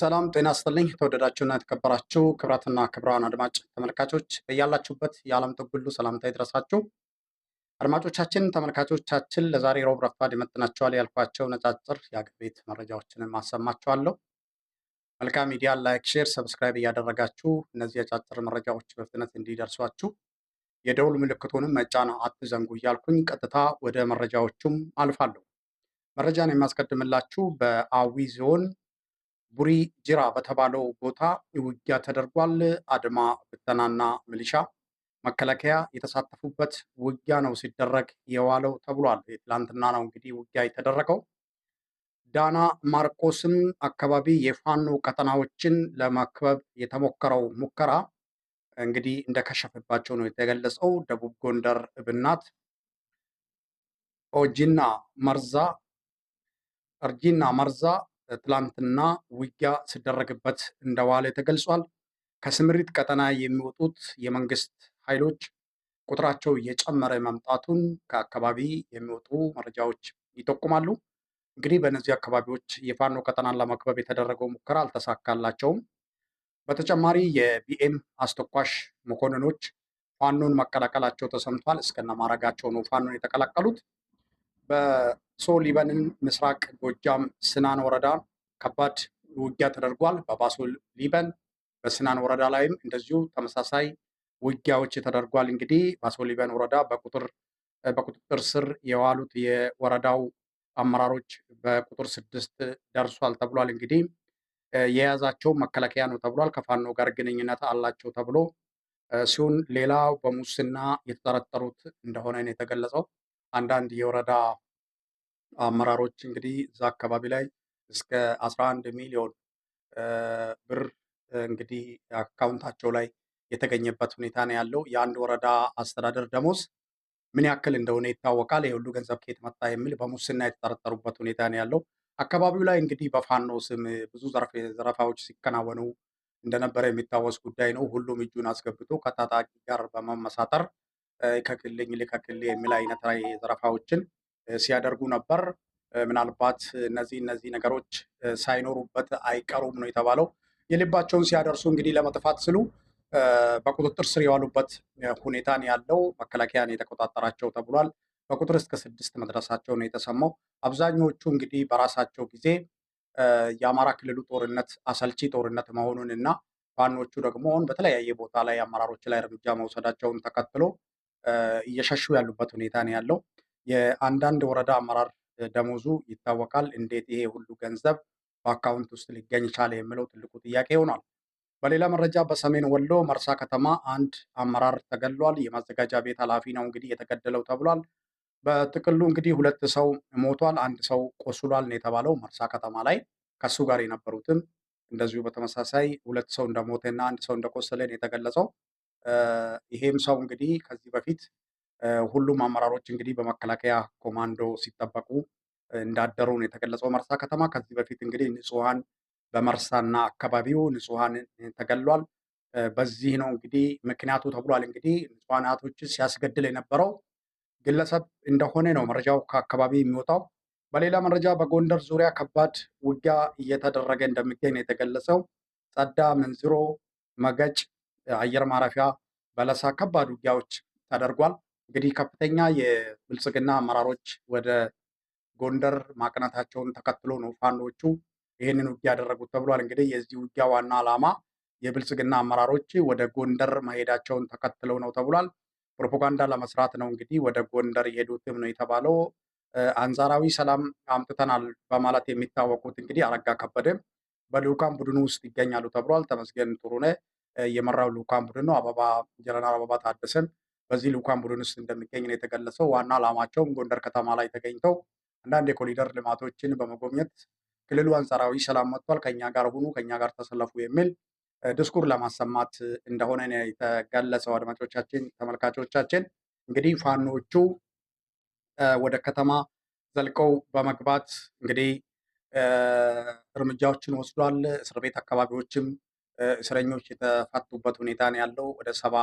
ሰላም ጤና ይስጥልኝ። የተወደዳችሁና የተከበራችሁ ክብራትና ክብራን አድማጭ ተመልካቾች በያላችሁበት የዓለም ጥግ ሁሉ ሰላምታ ይድረሳችሁ። አድማጮቻችን፣ ተመልካቾቻችን ለዛሬ ሮብ ረፋድ ይመጥናችኋል ያልኳቸው ነጫጭር የአገር ቤት መረጃዎችንም ማሰማችኋለሁ። መልካም ሚዲያ ላይክ፣ ሼር፣ ሰብስክራይብ እያደረጋችሁ እነዚህ የጫጭር መረጃዎች በፍጥነት እንዲደርሷችሁ የደውል ምልክቱንም መጫን አትዘንጉ እያልኩኝ ቀጥታ ወደ መረጃዎቹም አልፋለሁ። መረጃን የሚያስቀድምላችሁ በአዊ ዞን ቡሪ ጅራ በተባለው ቦታ ውጊያ ተደርጓል። አድማ ብተናና ሚሊሻ መከላከያ የተሳተፉበት ውጊያ ነው ሲደረግ የዋለው ተብሏል። የትላንትና ነው እንግዲህ ውጊያ የተደረገው። ዳና ማርቆስን አካባቢ የፋኖ ቀጠናዎችን ለማክበብ የተሞከረው ሙከራ እንግዲህ እንደከሸፈባቸው ነው የተገለጸው። ደቡብ ጎንደር እብናት፣ ኦጂና መርዛ፣ እርጂና መርዛ ትላንትና ውጊያ ሲደረግበት እንደዋለ ተገልጿል። ከስምሪት ቀጠና የሚወጡት የመንግስት ኃይሎች ቁጥራቸው እየጨመረ መምጣቱን ከአካባቢ የሚወጡ መረጃዎች ይጠቁማሉ። እንግዲህ በእነዚህ አካባቢዎች የፋኖ ቀጠናን ለመክበብ የተደረገው ሙከራ አልተሳካላቸውም። በተጨማሪ የቢኤም አስተኳሽ መኮንኖች ፋኖን መቀላቀላቸው ተሰምቷል። እስከነ ማረጋቸው ነው ፋኖን የተቀላቀሉት። በሶሊበንን ምስራቅ ጎጃም ስናን ወረዳ ከባድ ውጊያ ተደርጓል። በባሶ ሊበን በስናን ወረዳ ላይም እንደዚሁ ተመሳሳይ ውጊያዎች ተደርጓል። እንግዲህ ባሶ ሊበን ወረዳ በቁጥር በቁጥጥር ስር የዋሉት የወረዳው አመራሮች በቁጥር ስድስት ደርሷል ተብሏል። እንግዲህ የያዛቸው መከላከያ ነው ተብሏል። ከፋኖ ጋር ግንኙነት አላቸው ተብሎ ሲሆን ሌላው በሙስና የተጠረጠሩት እንደሆነ ነው የተገለጸው። አንዳንድ የወረዳ አመራሮች እንግዲህ እዛ አካባቢ ላይ እስከ 11 ሚሊዮን ብር እንግዲህ አካውንታቸው ላይ የተገኘበት ሁኔታ ነው ያለው። የአንድ ወረዳ አስተዳደር ደሞዝ ምን ያክል እንደሆነ ይታወቃል። የሁሉ ገንዘብ ከየት መጣ የሚል በሙስና የተጠረጠሩበት ሁኔታ ነው ያለው። አካባቢው ላይ እንግዲህ በፋኖ ስም ብዙ ዘረፋዎች ሲከናወኑ እንደነበረ የሚታወስ ጉዳይ ነው። ሁሉም እጁን አስገብቶ ከታጣቂ ጋር በመመሳጠር ይከክልኝ ልከክልህ የሚል አይነት ላይ ዘረፋዎችን ሲያደርጉ ነበር። ምናልባት እነዚህ እነዚህ ነገሮች ሳይኖሩበት አይቀሩም ነው የተባለው። የልባቸውን ሲያደርሱ እንግዲህ ለመጥፋት ስሉ በቁጥጥር ስር የዋሉበት ሁኔታን ያለው መከላከያን የተቆጣጠራቸው ተብሏል። በቁጥር እስከ ስድስት መድረሳቸው ነው የተሰማው። አብዛኞቹ እንግዲህ በራሳቸው ጊዜ የአማራ ክልሉ ጦርነት አሰልቺ ጦርነት መሆኑን እና ፋኖቹ ደግሞ በተለያየ ቦታ ላይ አመራሮች ላይ እርምጃ መውሰዳቸውን ተከትሎ እየሸሹ ያሉበት ሁኔታ ነው ያለው። የአንዳንድ ወረዳ አመራር ደሞዙ ይታወቃል። እንዴት ይሄ ሁሉ ገንዘብ በአካውንት ውስጥ ሊገኝ ቻለ የሚለው ትልቁ ጥያቄ ሆኗል። በሌላ መረጃ በሰሜን ወሎ መርሳ ከተማ አንድ አመራር ተገድሏል። የማዘጋጃ ቤት ኃላፊ ነው እንግዲህ የተገደለው ተብሏል። በጥቅሉ እንግዲህ ሁለት ሰው ሞቷል፣ አንድ ሰው ቆስሏል ነው የተባለው መርሳ ከተማ ላይ ከሱ ጋር የነበሩትም እንደዚሁ በተመሳሳይ ሁለት ሰው እንደሞተና አንድ ሰው እንደቆሰለ ነው የተገለጸው። ይሄም ሰው እንግዲህ ከዚህ በፊት ሁሉም አመራሮች እንግዲህ በመከላከያ ኮማንዶ ሲጠበቁ እንዳደሩ ነው የተገለጸው። መርሳ ከተማ ከዚህ በፊት እንግዲህ ንጹሐን በመርሳና አካባቢው ንጹሐን ተገሏል። በዚህ ነው እንግዲህ ምክንያቱ ተብሏል። እንግዲህ ንጹሐናቶችን ሲያስገድል የነበረው ግለሰብ እንደሆነ ነው መረጃው ከአካባቢ የሚወጣው። በሌላ መረጃ በጎንደር ዙሪያ ከባድ ውጊያ እየተደረገ እንደሚገኝ ነው የተገለጸው። ጸዳ፣ ምንዝሮ፣ መገጭ አየር ማረፊያ በለሳ ከባድ ውጊያዎች ተደርጓል። እንግዲህ ከፍተኛ የብልጽግና አመራሮች ወደ ጎንደር ማቅናታቸውን ተከትሎ ነው ፋኖቹ ይህንን ውጊያ ያደረጉት ተብሏል። እንግዲህ የዚህ ውጊያ ዋና ዓላማ የብልጽግና አመራሮች ወደ ጎንደር መሄዳቸውን ተከትለው ነው ተብሏል። ፕሮፓጋንዳ ለመስራት ነው እንግዲህ ወደ ጎንደር የሄዱትም ነው የተባለው። አንጻራዊ ሰላም አምጥተናል በማለት የሚታወቁት እንግዲህ አረጋ ከበደ በልዑካን ቡድኑ ውስጥ ይገኛሉ ተብሏል። ተመስገን ጥሩነህ የመራው ልኡካን ቡድን ነው። አበባ ጀነራል አበባ ታደሰን በዚህ ልኡካን ቡድን ውስጥ እንደሚገኝ ነው የተገለጸው። ዋና ዓላማቸውም ጎንደር ከተማ ላይ ተገኝተው አንዳንድ የኮሪደር ልማቶችን በመጎብኘት ክልሉ አንጻራዊ ሰላም መጥቷል፣ ከኛ ጋር ሁኑ፣ ከኛ ጋር ተሰለፉ የሚል ድስኩር ለማሰማት እንደሆነ የተገለጸው። አድማጮቻችን፣ ተመልካቾቻችን እንግዲህ ፋኖቹ ወደ ከተማ ዘልቀው በመግባት እንግዲህ እርምጃዎችን ወስዷል። እስር ቤት አካባቢዎችም እስረኞች የተፈቱበት ሁኔታ ነው ያለው። ወደ ሰባ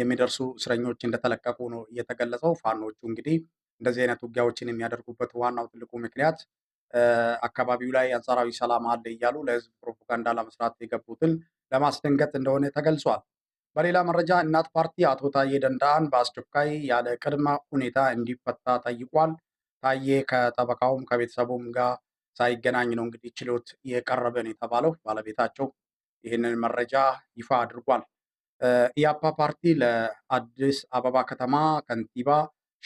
የሚደርሱ እስረኞች እንደተለቀቁ ነው እየተገለጸው። ፋኖቹ እንግዲህ እንደዚህ አይነት ውጊያዎችን የሚያደርጉበት ዋናው ትልቁ ምክንያት አካባቢው ላይ አንጻራዊ ሰላም አለ እያሉ ለህዝብ ፕሮፓጋንዳ ለመስራት የገቡትን ለማስደንገጥ እንደሆነ ተገልጿል። በሌላ መረጃ እናት ፓርቲ አቶ ታዬ ደንዳን በአስቸኳይ ያለ ቅድመ ሁኔታ እንዲፈታ ጠይቋል። ታዬ ከጠበቃውም ከቤተሰቡም ጋር ሳይገናኝ ነው እንግዲህ ችሎት የቀረበን የተባለው ባለቤታቸው ይህንን መረጃ ይፋ አድርጓል። ኢያፓ ፓርቲ ለአዲስ አበባ ከተማ ከንቲባ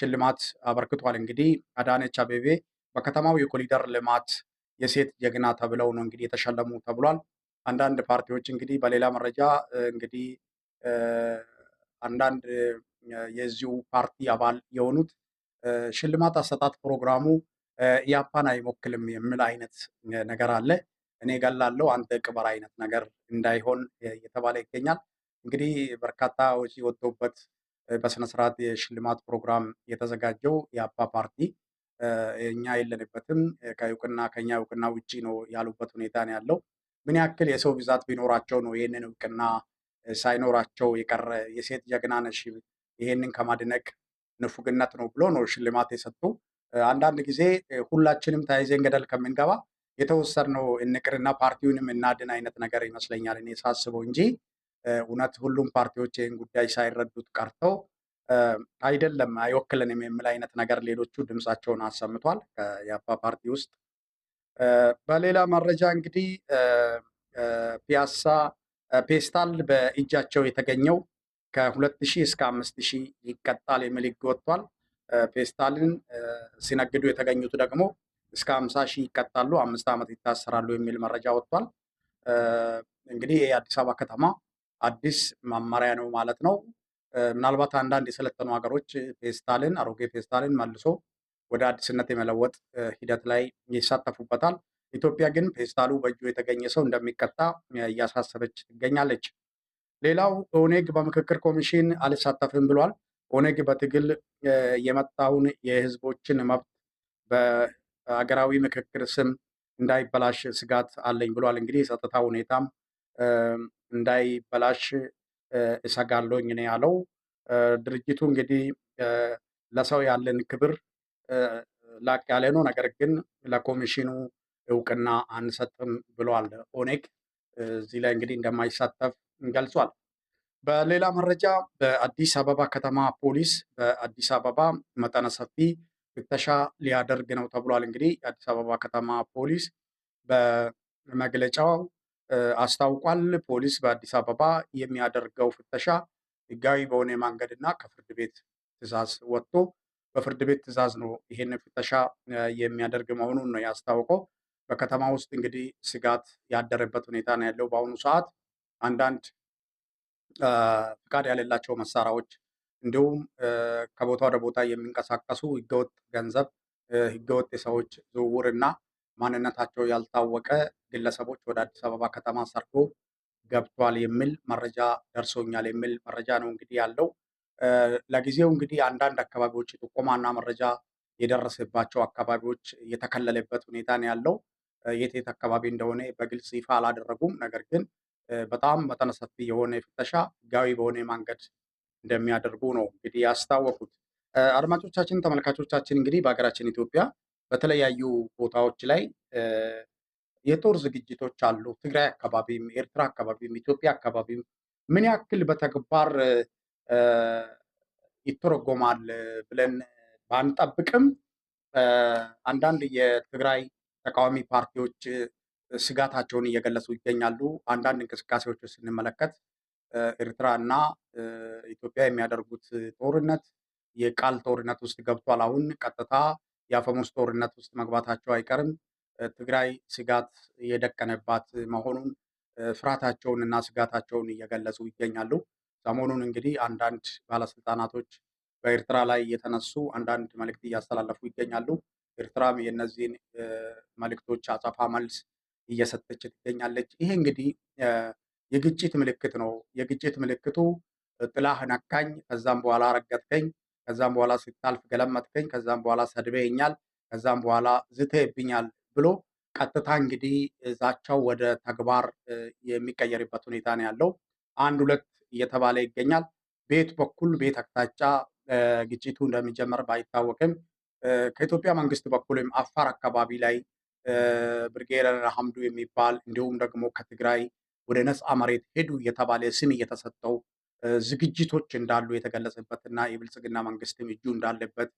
ሽልማት አበርክቷል። እንግዲህ አዳነች አቤቤ በከተማው የኮሊደር ልማት የሴት ጀግና ተብለው ነው እንግዲህ የተሸለሙ ተብሏል። አንዳንድ ፓርቲዎች እንግዲህ በሌላ መረጃ እንግዲህ አንዳንድ የዚሁ ፓርቲ አባል የሆኑት ሽልማት አሰጣት ፕሮግራሙ ኢያፓን አይሞክልም የሚል አይነት ነገር አለ። እኔ ገላለው አንተ ቅበር አይነት ነገር እንዳይሆን እየተባለ ይገኛል። እንግዲህ በርካታ ወጪ ወጥቶበት በስነስርዓት የሽልማት ፕሮግራም የተዘጋጀው የአባ ፓርቲ እኛ የለንበትም ከእውቅና ከኛ እውቅና ውጪ ነው ያሉበት ሁኔታ ነው ያለው። ምን ያክል የሰው ብዛት ቢኖራቸው ነው ይህንን እውቅና ሳይኖራቸው የቀረ? የሴት ጀግና ነሽ፣ ይህንን ከማድነቅ ንፉግነት ነው ብሎ ነው ሽልማት የሰጡ። አንዳንድ ጊዜ ሁላችንም ተያይዘን ገደል ከምንገባ የተወሰድነው እንቅርና ፓርቲውንም እናድን አይነት ነገር ይመስለኛል እኔ ሳስበው እንጂ እውነት ሁሉም ፓርቲዎች ይህን ጉዳይ ሳይረዱት ቀርተው አይደለም አይወክልንም የሚል አይነት ነገር ሌሎቹ ድምፃቸውን አሰምቷል የአባ ፓርቲ ውስጥ። በሌላ መረጃ እንግዲህ ፒያሳ ፔስታል በእጃቸው የተገኘው ከሁለት ሺህ እስከ አምስት ሺህ ይቀጣል የሚል ህግ ወጥቷል። ፔስታልን ሲነግዱ የተገኙት ደግሞ እስከ ሀምሳ ሺህ ይቀጣሉ፣ አምስት ዓመት ይታሰራሉ የሚል መረጃ ወጥቷል። እንግዲህ የአዲስ አበባ ከተማ አዲስ መመሪያ ነው ማለት ነው። ምናልባት አንዳንድ የሰለጠኑ ሀገሮች ፌስታልን አሮጌ ፌስታልን መልሶ ወደ አዲስነት የመለወጥ ሂደት ላይ ይሳተፉበታል። ኢትዮጵያ ግን ፌስታሉ በእጁ የተገኘ ሰው እንደሚቀጣ እያሳሰበች ትገኛለች። ሌላው ኦኔግ በምክክር ኮሚሽን አልሳተፍም ብሏል። ኦኔግ በትግል የመጣውን የህዝቦችን መብት አገራዊ ምክክር ስም እንዳይበላሽ ስጋት አለኝ ብሏል። እንግዲህ የጸጥታ ሁኔታም እንዳይበላሽ እሰጋለኝ ነው ያለው። ድርጅቱ እንግዲህ ለሰው ያለን ክብር ላቅ ያለ ነው፣ ነገር ግን ለኮሚሽኑ እውቅና አንሰጥም ብሏል። ኦኔግ እዚህ ላይ እንግዲህ እንደማይሳተፍ ገልጿል። በሌላ መረጃ በአዲስ አበባ ከተማ ፖሊስ በአዲስ አበባ መጠነ ሰፊ ፍተሻ ሊያደርግ ነው ተብሏል። እንግዲህ የአዲስ አበባ ከተማ ፖሊስ በመግለጫው አስታውቋል። ፖሊስ በአዲስ አበባ የሚያደርገው ፍተሻ ህጋዊ በሆነ እና ከፍርድ ቤት ትዕዛዝ ወጥቶ በፍርድ ቤት ትዕዛዝ ነው ይሄን ፍተሻ የሚያደርግ መሆኑን ነው ያስታውቀው። በከተማ ውስጥ እንግዲህ ስጋት ያደረበት ሁኔታ ነው ያለው። በአሁኑ ሰዓት አንዳንድ ፍቃድ ያሌላቸው መሳሪያዎች እንዲሁም ከቦታ ወደ ቦታ የሚንቀሳቀሱ ህገወጥ ገንዘብ፣ ህገወጥ የሰዎች ዝውውር እና ማንነታቸው ያልታወቀ ግለሰቦች ወደ አዲስ አበባ ከተማ ሰርጎ ገብቷል የሚል መረጃ ደርሶኛል የሚል መረጃ ነው እንግዲህ ያለው። ለጊዜው እንግዲህ አንዳንድ አካባቢዎች ጥቆማና መረጃ የደረሰባቸው አካባቢዎች የተከለለበት ሁኔታ ነው ያለው። የት የት አካባቢ እንደሆነ በግልጽ ይፋ አላደረጉም። ነገር ግን በጣም መጠነ ሰፊ የሆነ ፍተሻ ህጋዊ በሆነ መንገድ እንደሚያደርጉ ነው እንግዲህ ያስታወቁት። አድማጮቻችን፣ ተመልካቾቻችን እንግዲህ በሀገራችን ኢትዮጵያ በተለያዩ ቦታዎች ላይ የጦር ዝግጅቶች አሉ። ትግራይ አካባቢም፣ ኤርትራ አካባቢም፣ ኢትዮጵያ አካባቢም ምን ያክል በተግባር ይተረጎማል ብለን ባንጠብቅም አንዳንድ የትግራይ ተቃዋሚ ፓርቲዎች ስጋታቸውን እየገለጹ ይገኛሉ። አንዳንድ እንቅስቃሴዎች ስንመለከት ኤርትራ እና ኢትዮጵያ የሚያደርጉት ጦርነት የቃል ጦርነት ውስጥ ገብቷል። አሁን ቀጥታ የአፈሙስ ጦርነት ውስጥ መግባታቸው አይቀርም። ትግራይ ስጋት የደቀነባት መሆኑን ፍርሃታቸውን እና ስጋታቸውን እየገለጹ ይገኛሉ። ሰሞኑን እንግዲህ አንዳንድ ባለስልጣናቶች በኤርትራ ላይ የተነሱ አንዳንድ መልእክት እያስተላለፉ ይገኛሉ። ኤርትራም የእነዚህን መልእክቶች አጸፋ መልስ እየሰጠች ትገኛለች። ይሄ እንግዲህ የግጭት ምልክት ነው። የግጭት ምልክቱ ጥላህ ነካኝ፣ ከዛም በኋላ ረገጥከኝ፣ ከዛም በኋላ ስታልፍ ገለመጥከኝ፣ ከዛም በኋላ ሰድበኛል፣ ከዛም በኋላ ዝተብኛል ብሎ ቀጥታ እንግዲህ ዛቻው ወደ ተግባር የሚቀየርበት ሁኔታ ነው ያለው። አንድ ሁለት እየተባለ ይገኛል። ቤት በኩል ቤት አቅጣጫ ግጭቱ እንደሚጀመር ባይታወቅም ከኢትዮጵያ መንግስት ወይም አፋር አካባቢ ላይ ብርጌደር ሐምዱ የሚባል እንዲሁም ደግሞ ከትግራይ ወደ ነፃ መሬት ሄዱ የተባለ ስም እየተሰጠው ዝግጅቶች እንዳሉ የተገለጸበትና የብልጽግና መንግስትም እጁ እንዳለበት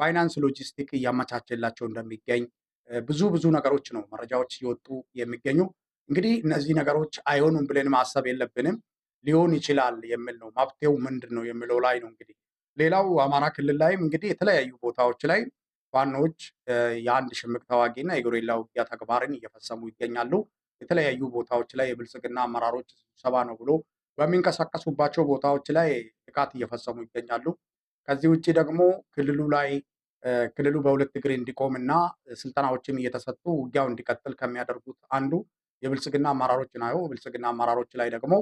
ፋይናንስ፣ ሎጂስቲክ እያመቻቸላቸው እንደሚገኝ ብዙ ብዙ ነገሮች ነው መረጃዎች እየወጡ የሚገኙ። እንግዲህ እነዚህ ነገሮች አይሆኑም ብለን ማሰብ የለብንም። ሊሆን ይችላል የሚል ነው። መፍትሄው ምንድን ነው የሚለው ላይ ነው። እንግዲህ ሌላው አማራ ክልል ላይም እንግዲህ የተለያዩ ቦታዎች ላይ ዋናዎች የአንድ ሽምቅ ተዋጊና የጎሬላ ውጊያ ተግባርን እየፈጸሙ ይገኛሉ። የተለያዩ ቦታዎች ላይ የብልጽግና አመራሮች ስብሰባ ነው ብሎ በሚንቀሳቀሱባቸው ቦታዎች ላይ ጥቃት እየፈጸሙ ይገኛሉ። ከዚህ ውጭ ደግሞ ክልሉ ላይ ክልሉ በሁለት እግር እንዲቆም እና ስልጠናዎችም እየተሰጡ ውጊያው እንዲቀጥል ከሚያደርጉት አንዱ የብልጽግና አመራሮች ነው። ብልጽግና አመራሮች ላይ ደግሞ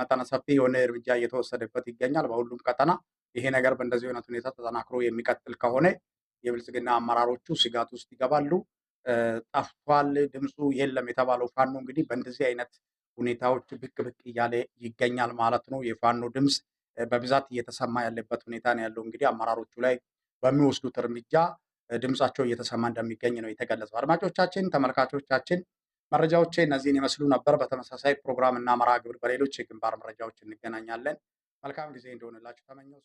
መጠነ ሰፊ የሆነ እርምጃ እየተወሰደበት ይገኛል በሁሉም ቀጠና። ይሄ ነገር በእንደዚህ አይነት ሁኔታ ተጠናክሮ የሚቀጥል ከሆነ የብልጽግና አመራሮቹ ስጋት ውስጥ ይገባሉ። ጠፍቷል፣ ድምፁ የለም የተባለው ፋኖ እንግዲህ በእንደዚህ አይነት ሁኔታዎች ብቅ ብቅ እያለ ይገኛል ማለት ነው። የፋኖ ድምፅ በብዛት እየተሰማ ያለበት ሁኔታ ነው ያለው። እንግዲህ አመራሮቹ ላይ በሚወስዱት እርምጃ ድምፃቸው እየተሰማ እንደሚገኝ ነው የተገለጸው። አድማጮቻችን፣ ተመልካቾቻችን መረጃዎች እነዚህን ይመስሉ ነበር። በተመሳሳይ ፕሮግራም እና መርሃ ግብር በሌሎች የግንባር መረጃዎች እንገናኛለን። መልካም ጊዜ እንደሆነላችሁ ተመኘው።